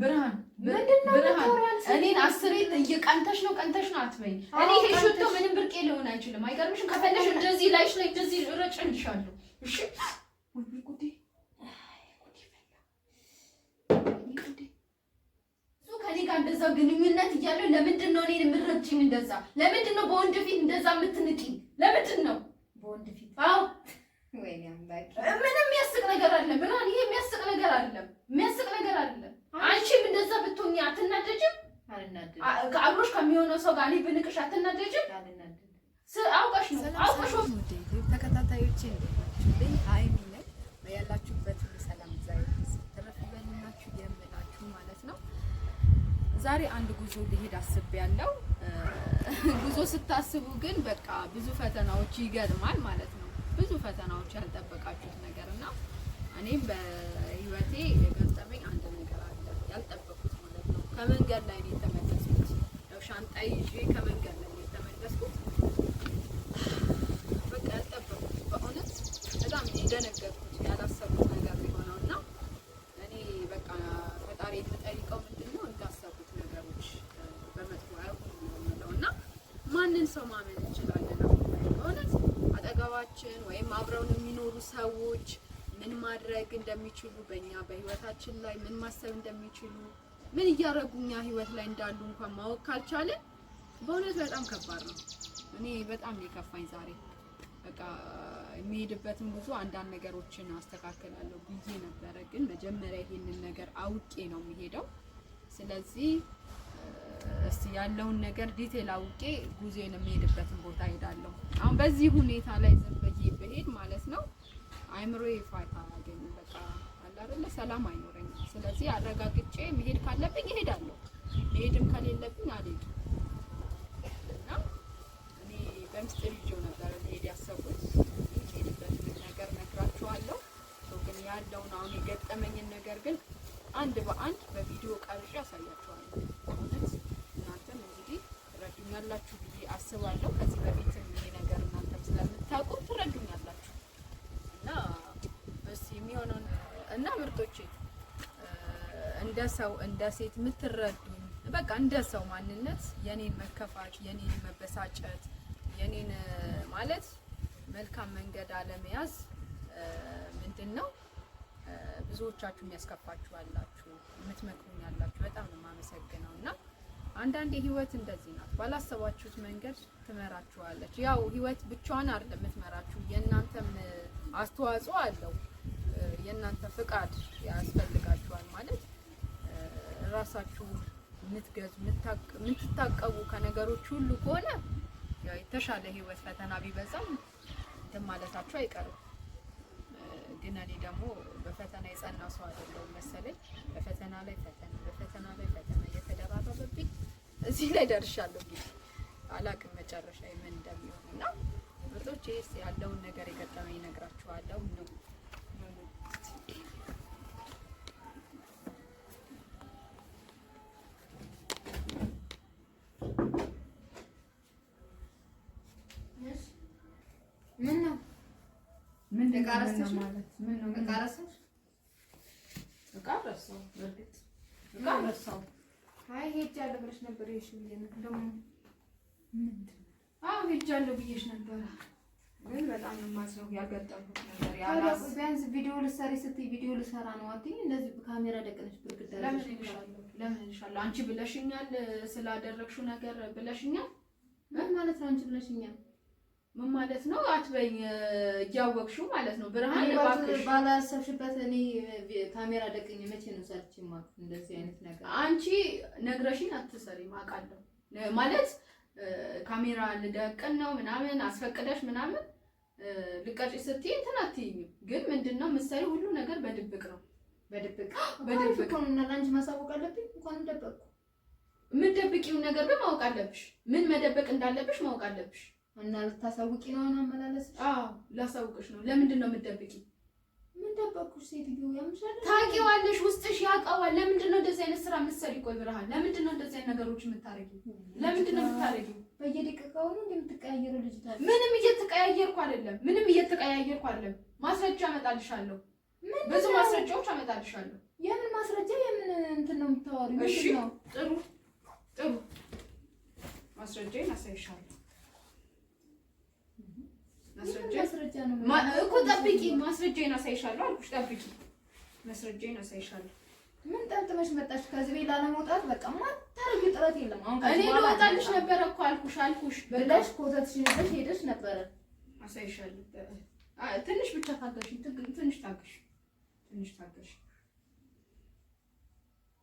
ብርሃን እኔን አስሬ ቀንተሽ ነው ቀንተሽ ነው አትበይ። እኔ ይሄ ሽቶ ምንም ብርቄ ሊሆን አይችልም። አይገርምሽም? ከፈለሽ እንደዚህ ላይሽ ላይ እንደዚህ እረጭልሻለሁ። እሺ ከኔ ጋር እንደዛ ግንኙነት እያለው ለምንድን ነው እኔን እንደዛ ለምንድን ነው በወንድ ፊት እንደዛ የምትንቂኝ? ዛሬ አንድ ጉዞ ልሄድ አስቤያለሁ። ጉዞ ስታስቡ ግን በቃ ብዙ ፈተናዎች ይገርማል ማለት ነው። ብዙ ፈተናዎች ያልጠበቃችሁት ነገር እና እኔም በህይወቴ የገጠመኝ አንድ ነገር አለ ያልጠበቁት ማለት ነው። ከመንገድ ላይ ነው የተመለስኩት። ያው ሻንጣ ይዤ ከመንገድ ላይ ነው የተመለስኩት። በቃ ያልጠበቁት በእውነት በጣም ደነገጥኩት። ሰዎች ምን ማድረግ እንደሚችሉ በእኛ በህይወታችን ላይ ምን ማሰብ እንደሚችሉ ምን እያደረጉ እኛ ህይወት ላይ እንዳሉ እንኳን ማወቅ ካልቻለን በእውነት በጣም ከባድ ነው። እኔ በጣም የከፋኝ ዛሬ በቃ የሚሄድበትን ጉዞ አንዳንድ ነገሮችን አስተካክላለሁ ብዬ ነበረ፣ ግን መጀመሪያ ይሄንን ነገር አውቄ ነው የሚሄደው። ስለዚህ እስቲ ያለውን ነገር ዲቴል አውቄ ጉዞን የሚሄድበትን ቦታ ሄዳለሁ። አሁን በዚህ ሁኔታ ላይ ዝም ብዬ ብሄድ ማለት ነው አይምሮ ፋታ አገኝ በቃ አለ አይደለ ሰላም አይኖረኝም። ስለዚህ አረጋግጬ መሄድ ካለብኝ እሄዳለሁ፣ መሄድም ከሌለብኝ አልሄድም። እና እኔ በምስጢር ይዤው ነበር መሄድ ያሰብኩት የሄድበትን ነገር ነግራችኋለሁ። ግን ያለውን አሁን የገጠመኝን ነገር ግን አንድ በአንድ በቪዲዮ ቀርጬ ያሳያችኋለሁ። እውነት እናንተም እንግዲህ ትረዱኛላችሁ ብዬ አስባለሁ። ከዚህ በፊትም ይሄ ነገር እናንተም ስለምታውቁ ትረዱኛላችሁ። የሚሆነውን እና ምርጦቼ እንደ ሰው እንደ ሴት የምትረዱኝ በቃ እንደ ሰው ማንነት የኔን መከፋት፣ የኔን መበሳጨት፣ የኔን ማለት መልካም መንገድ አለመያዝ ምንድን ነው ብዙዎቻችሁ የሚያስከፋችሁ አላችሁ፣ የምትመክሩኝ አላችሁ። በጣም ነው የማመሰግነው እና አንዳንዴ ህይወት እንደዚህ ናት። ባላሰባችሁት መንገድ ትመራችኋለች። ያው ህይወት ብቻዋን አይደለም የምትመራችሁ፣ የእናንተም አስተዋጽኦ አለው። የእናንተ ፍቃድ ያስፈልጋችኋል። ማለት ራሳችሁ የምትገዙ የምትታቀቡ ከነገሮች ሁሉ ከሆነ የተሻለ ህይወት ፈተና ቢበዛም እንትን ማለታችሁ አይቀርም። ግን እኔ ደግሞ በፈተና የጸና ሰው አይደለሁም መሰለኝ። በፈተና ላይ ፈተና፣ በፈተና ላይ ፈተና እየተደራረበብኝ እዚህ ላይ ደርሻለሁ። እንግዲህ አላቅም መጨረሻ ምን እንደሚሆን እና ምርጦች፣ ይህ ያለውን ነገር የገጠመኝ እነግራችኋለሁ ነው ሄጃለሁ ብለሽ ነበር ብዬሽ ነበረ። ግን በጣም ነው የማዝነው ያጋጠምኩት ነገር ቢያንስ ቪዲዮ ልሰሪ ስትይ ቪዲዮ ልሰራ ነው አትይኝ። እንደዚህ ካሜራ ደቀነሽ ብርግዳ ለምን እንሻለሁ? አንቺ ብለሽኛል፣ ስላደረግሽው ነገር ብለሽኛል። ምን ማለት ነው? አንቺ ብለሽኛል ምን ማለት ነው አትበኝ እያወቅሽው ማለት ነው ብርሃን እባክሽ። ባላሰብሽበት እኔ ካሜራ ደቅኝ መቼ ነው ሰርች ማለት እንደዚህ አይነት ነገር አንቺ ነግረሽኝ አትሰሪም አውቃለሁ። ማለት ካሜራ ልደቅን ነው ምናምን አስፈቅደሽ ምናምን ልቀጭ ስትይ እንትን አትይኝም። ግን ምንድነው የምትሰሪው ሁሉ ነገር በድብቅ ነው። በድብቅ በድብቅ ነው እና አንቺ ማሳወቅ አለብኝ። እንኳን ደበቅኩ። የምትደብቂውን ነገር ግን ማወቅ አለብሽ። ምን መደበቅ እንዳለብሽ ማወቅ አለብሽ። እና ልታሳውቂ ነው አመላለስ? አዎ ላሳውቅሽ ነው። ለምንድን ነው የምትደብቂ? ምን ደበቅኩሽ? ሴትዮ ያምሻል። ታውቂዋለሽ፣ ውስጥሽ ያውቀዋል። ለምንድን ነው እንደዚህ አይነት ስራ የምትሰሪ? ቆይ ብርሃን፣ ለምንድን ነው እንደዚህ አይነት ነገሮች የምታረጊ? ለምንድን ነው የምታረጊ? በየደቂቃው ነው የምትቀያየሩ ልጅ። ምንም እየተቀያየርኩ አይደለም። ምንም እየተቀያየርኩ አይደለም። ማስረጃ አመጣልሻለሁ። ብዙ ማስረጃዎች አመጣልሻለሁ። የምን ማስረጃ? የምን እንትን ነው የምታወሪው? እሺ፣ ጥሩ ጥሩ፣ ማስረጃዬን አሳይሻለሁ እኮ ጠብቂ፣ ማስረጃዬን አሳይሻለሁ አልኩሽ። ጠብቂ፣ ማስረጃዬን አሳይሻለሁ። ምን ጠብጥመሽ መጣሽ? ከዚህ ቤት ላለመውጣት በቃ ማታረጊው ጥረት የለም። አሁን እኔ ልወጣልሽ ነበረ እኮ አልኩሽ፣ አልኩሽ ብለሽ ኮተትሽን ይዘሽ ሄደሽ ነበረ። አሳይሻለሁ። ትንሽ ብቻ ታገሽ፣ ትንሽ ታገሽ፣ ትንሽ ታገሽ፣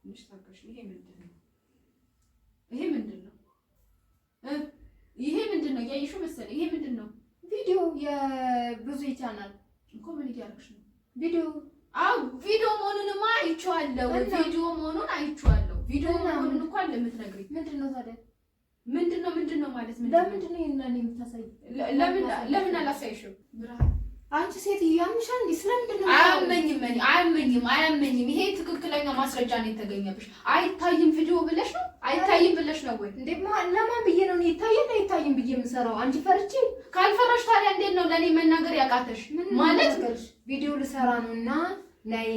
ትንሽ ታገሽ። ይሄ ምንድን ነው? ይሄ ምንድን ነው? ክርስቲያናል እኮ ምን እያደረግሽ ነው? ቪዲዮ አው ቪዲዮ መሆኑንማ አይቼዋለሁ። ቪዲዮ መሆኑን አይቼዋለሁ። ቪዲዮ መሆኑን እንኳን አለ የምትነግሪኝ። ምንድን ነው ታዲያ? ምንድን ነው ምንድን ነው ማለት? ለምንድን ነው ይሄንን የምታሳይ? ለምን ለምን አላሳይሽም ብርሃን አንቺ ሴት ያምሻል እንዴ? ስለምንድን ነው? አያመኝም፣ አያመኝም፣ አያመኝም። ይሄ ትክክለኛ ማስረጃ ነው የተገኘብሽ። አይታይም ቪዲዮ ብለሽ ነው አይታይም ብለሽ ነው ወይ እንዴ? ለማን ብዬ ነው እኔ ይታየን አይታይም ብዬ የምሰራው? አንቺ ፈርቼ ካልፈራሽ ታዲያ እንዴት ነው ለእኔ መናገር ያቃተሽ? ማለት ቪዲዮ ልሰራ ነው እና ላይ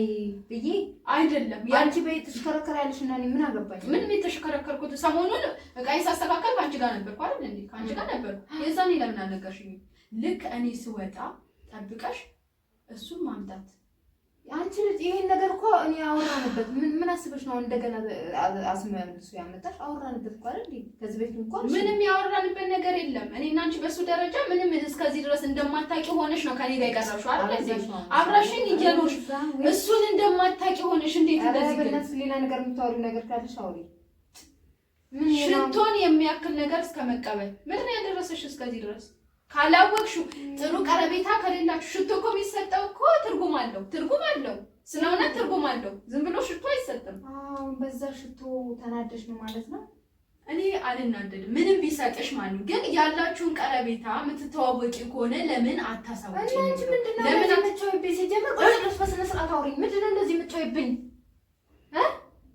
ብዬ አይደለም የአንቺ በይ ተሽከረከር ያለሽ እና እኔ ምን አገባኝ? ምን የተሽከረከርኩት ሰሞኑን እቃዬ ሳስተካከል ከአንቺ ጋር ነበርኩ አይደል እንዴ? ከአንቺ ጋር ነበርኩ። የዛኔ ለምን አልነገርሽኝም? ልክ እኔ ስወጣ ጠብቀሽ እሱን ማምጣት አንቺ ልጅ ይሄን ነገር እኮ እኔ አወራንበት። ምን ምን አስበሽ ነው እንደገና አስመልሱ ያመጣሽ? አወራንበት እኮ አይደል? ከዚህ በፊት እንኳን ምንም ያወራንበት ነገር የለም። እኔ እና አንቺ በሱ ደረጃ ምንም እስከዚህ ድረስ እንደማታቂ ሆነሽ ነው ከኔ ጋር የቀረብሽው አይደል? አብራሽኝ እንጀኖሽ እሱን እንደማታቂ ሆነሽ እንዴት እንደዚህ ሌላ ነገር የምታወሪው ነገር ካለሽ አውሪ። ሽቶን የሚያክል ነገር እስከመቀበል ምን ያደረሰሽ እስከዚህ ድረስ ካላወቅሹ ጥሩ ቀረቤታ ከሌላችሁ ሽቶ እኮ የሚሰጠው እኮ ትርጉም አለው፣ ትርጉም አለው ስለሆነ ትርጉም አለው። ዝም ብሎ ሽቶ አይሰጥም። አሁን በዛ ሽቶ ተናደሽ ነው ማለት ነው። እኔ አልናደድም፣ ምንም ቢሰጥሽ ማለት ግን ያላችሁን ቀረቤታ የምትተዋወቂ ከሆነ ለምን አታሳውቂ? ለምን አትጫወይብኝ? ሲጀምር ቆስ በስነ ስርዓት አውሪኝ። ምንድን ነው እንደዚህ የምትጫወይብኝ?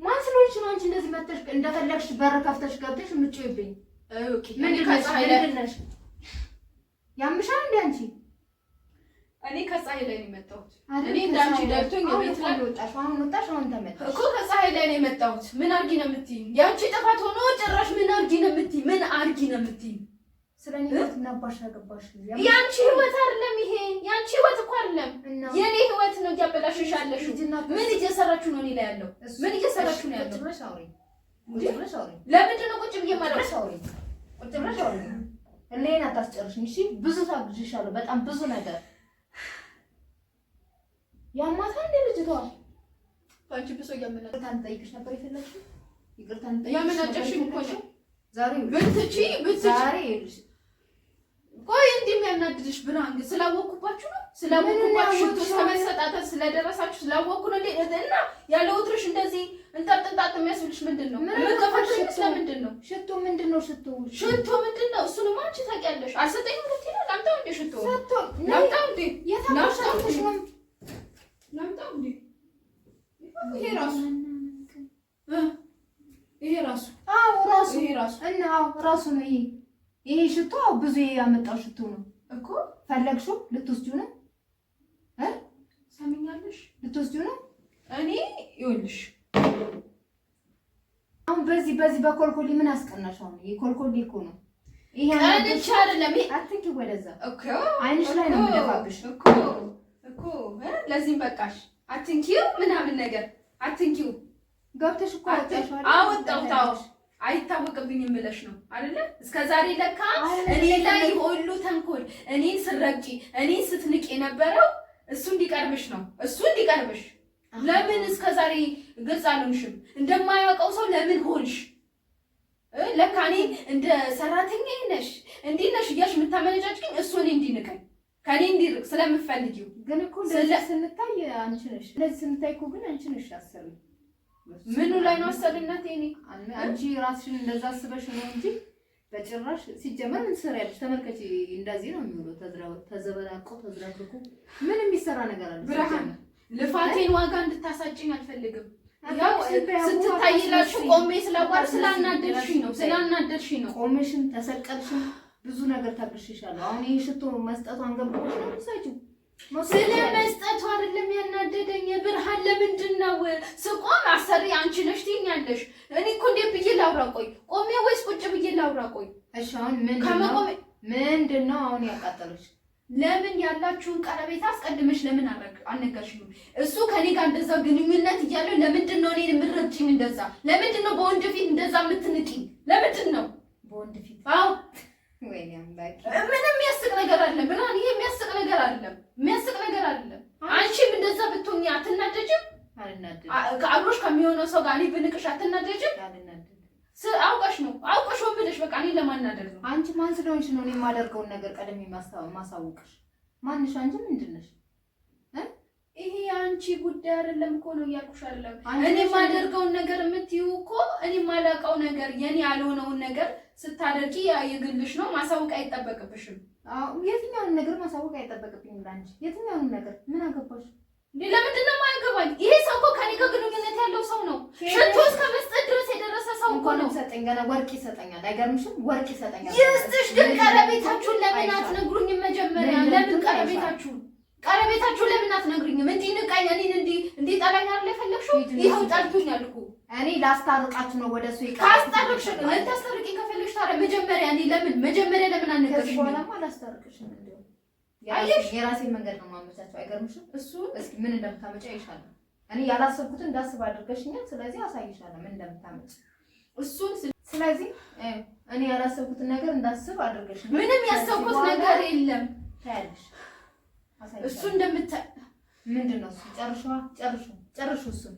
ማን ስለሆንሽ ነው አንቺ እንደዚህ መተሽ እንደፈለግሽ በር ከፍተሽ ገብተሽ የምትጫወይብኝ? ምን ከፀሐይ ያምሻል እንዴ አንቺ እኔ ከፀሐይ ላይ ነው የመጣሁት። እኔ እንዳንቺ ደርቶኝ ቤት ላይ ወጣሽ፣ አሁን ወጣሽ፣ አሁን ተመጣሽ እኮ ከፀሐይ ላይ ነው የመጣሁት። ምን አርጊ ነው የምትይኝ? ያንቺ ጥፋት ሆኖ ጭራሽ ምን አርጊ ነው የምትይኝ? ምን አርጊ ነው የምትይኝ? ስለኔ ህይወት ምን አባሽ አገባሽ? ያንቺ ህይወት አይደለም ይሄ፣ ያንቺ ህይወት እኮ አይደለም የኔ ህይወት ነው። እያበላሽሽ አለሽ። ምን እየሰራችሁ ነው? እኔ ላይ ያለው ምን እየሰራችሁ ነው ያለው? ለምንድን ነው ቁጭ ብዬ ማለት ነው? ቁጭ ብለሽ አውሪ ሌላ አታስጨርሽኝ። እሺ ብዙ ታግዥሻለሁ። በጣም ብዙ ነገር ያማታ እንደ ልጅቷ አንቺ ብሶ እያመናጨሽ ታንጠይቅሽ ነበር የፈለግሽው ይቅርታ ንጠይቅሽ ያመናጨሽ እኮ ነው። ዛሬ ብትቺ ብትቺ ዛሬ ይልሽ ቆይ እንዲህ የሚያናድድሽ ብርሃን ግን ስላወኩባችሁ ነው። ስላወኩባችሁ ተመሰጣታ ስለደረሳችሁ ስላወኩ ነው እና ያለ ወትሮሽ እንደዚህ እንጠጥ እንጣጥ የሚያስብልሽ ምንድን ነው? ምንድን ነው ሽቶ? ምንድን ነው ሽቶ? ሽቶ ምንድን ነው? እሱንማ አንቺ ታውቂያለሽ። አልሰጠኝም ልትይ ነው? ላምጣው እንደ ሽቶ ላምጣው እንደ ላምጣው እንደ ይሄ ራሱ ይሄ ራሱ አዎ፣ ራሱ ይሄ ራሱ እና አዎ፣ ራሱ ነው ይሄ ይሄ ሽቶ ብዙ ያመጣው ሽቶ ነው እኮ ፈለግሽው ልትወስጂው ነው ሰምኛለሽ ልትወስጂው ነው እኔ ይኸውልሽ አሁን በዚህ በዚህ በኮልኮሊ ምን አስቀናሽ? አሁን የኮልኮሊ እኮ ነው ይሄ አንቺ አይደለም። አትንኪ፣ ወደዛ እኮ አይንሽ ላይ ነው የምደፋብሽ እኮ እኮ ለዚህም በቃሽ። አትንኪው ምናምን ነገር አትንኪው። ገብተሽ እኮ አትንኪው። አወጣው ታው አይታወቅብኝ ብለሽ ነው አይደለ? እስከ ዛሬ ለካ እኔ ላይ ሁሉ ተንኮል፣ እኔን ስረግጪ፣ እኔን ስትንቅ የነበረው እሱ እንዲቀርብሽ ነው። እሱ እንዲቀርብሽ ለምን እስከ ዛሬ ግልጽ አልሆንሽም። እንደማያውቀው ሰው ለምን ሆንሽ? ለካ እኔ እንደ ሰራተኛ ነሽ እንዲህ ነሽ እያልሽ ግን እሱ እኔ እንዲንቀኝ ከኔ እንዲርቅ ስለምፈልጊው ግን እኮ ስንታይ አንቺ ነሽ። እንደዚህ ስንታይ እኮ ግን አንቺ ነሽ ታሰሪ። ምኑ ላይ ነው አሰሪነት? እኔ አንቺ ራስሽን እንደዛ አስበሽ ነው እንጂ በጭራሽ ሲጀመር እንስራ ያለሽ ተመልከች። እንደዚህ ነው የሚውለው። ተዘበራቆ ተዝራክኩ ምን የሚሰራ ነገር አለ? ብርሃን ልፋቴን ዋጋ እንድታሳጭኝ አልፈልግም። ስትታይላችሁ ቆሜ ስለባል ስላናደድሽኝ ነው ስላናደድሽኝ ነው። ቆሜሽን ተሰቀልሽም ብዙ ነገር ታግሼሻለሁ። አሁን ይህ ሽቶ መስጠቷን ገብቶሽ ነው ምሳችሁ ስለ መስጠቱ አይደለም ያናደደኝ። ብርሃን ለምንድን ነው ስቆም አሰሪ አንቺ ነሽ ትይኛለሽ። እኔ እኮ እንዴት ብዬ ላውራ? ቆይ ቆሜ ወይስ ቁጭ ብዬ ላውራ? ቆይ እሺ፣ አሁን ምንድን ነው አሁን ያቃጠለች ለምን ያላችሁን ቀረቤት አስቀድመሽ ለምን አልነገርሽኝም? እሱ ከኔ ጋር እንደዛ ግንኙነት እያለው ለምንድን ነው እኔን የምትረጭኝ? እንደዛ ለምንድን ነው በወንድ ፊት እንደዛ የምትን ስለሆንሽ ነው እኔ የማደርገውን ነገር ቀደም የማሳውቅሽ። ማንሽ አንቺ ምንድን ነሽ? ይሄ አንቺ ጉዳይ አይደለም እኮ ነው እያልኩሽ። አይደለም እኔ የማደርገውን ነገር የምትይው እኮ እኔ የማላውቀው ነገር የኔ ያልሆነውን ነገር ስታደርጊ የግልሽ ነው፣ ማሳወቅ አይጠበቅብሽም። የትኛውን ነገር ማሳወቅ አይጠበቅብኝም። ላንቺ የትኛውንም ነገር ምን አገባሽ? ለምንድን ነው የማያገባኝ? ይሄ ሰው እኮ ከኔ ጋር ግንኙነት ያለው ሰው ነው ሽቶ እስከ መስ ነው ሰጠኝ። ገና ወርቅ ይሰጠኛል። አይገርምሽም? ወርቅ ይሰጠኛል። ይስጥሽ። ግን ቀረቤታችሁን ለምን አትነግሩኝ? መጀመሪያ ለምን ቀረቤታችሁን ቀረቤታችሁን ለምን አትነግሩኝም? እንዲንቃኝ እኔን እንዲጠላኝ አይደል የፈለግሽው? ይኸው ጠልቶኛል እኮ እኔ ላስታርቃችሁ ነው። ወደ እሱ ካስታርቅሽ ልታስታርቂኝ ከፈለግሽ ታዲያ መጀመሪያ እኔ ለምን መጀመሪያ ለምን አልነገርሽኝ? በኋላማ ያለሽ የራሴን መንገድ ነው የማመቻቸው። አይገርምሽም? እሱ እስኪ ምን እንደምታመጪ አይሻለሁ። እኔ ያላሰብኩትን እንዳስብ አድርገሽኛል። ስለዚህ አሳይሻለሁ ምን እንደምታመጪ እሱን ስለዚህ እኔ ያላሰብኩትን ነገር እንዳስብ አድርገሽ ምንም ያሰብኩት ነገር የለም። ታያለሽ እሱ እንደምታ ምንድን ነው እሱ ጨርሸዋ ጨርሹ ጨርሹ እሱን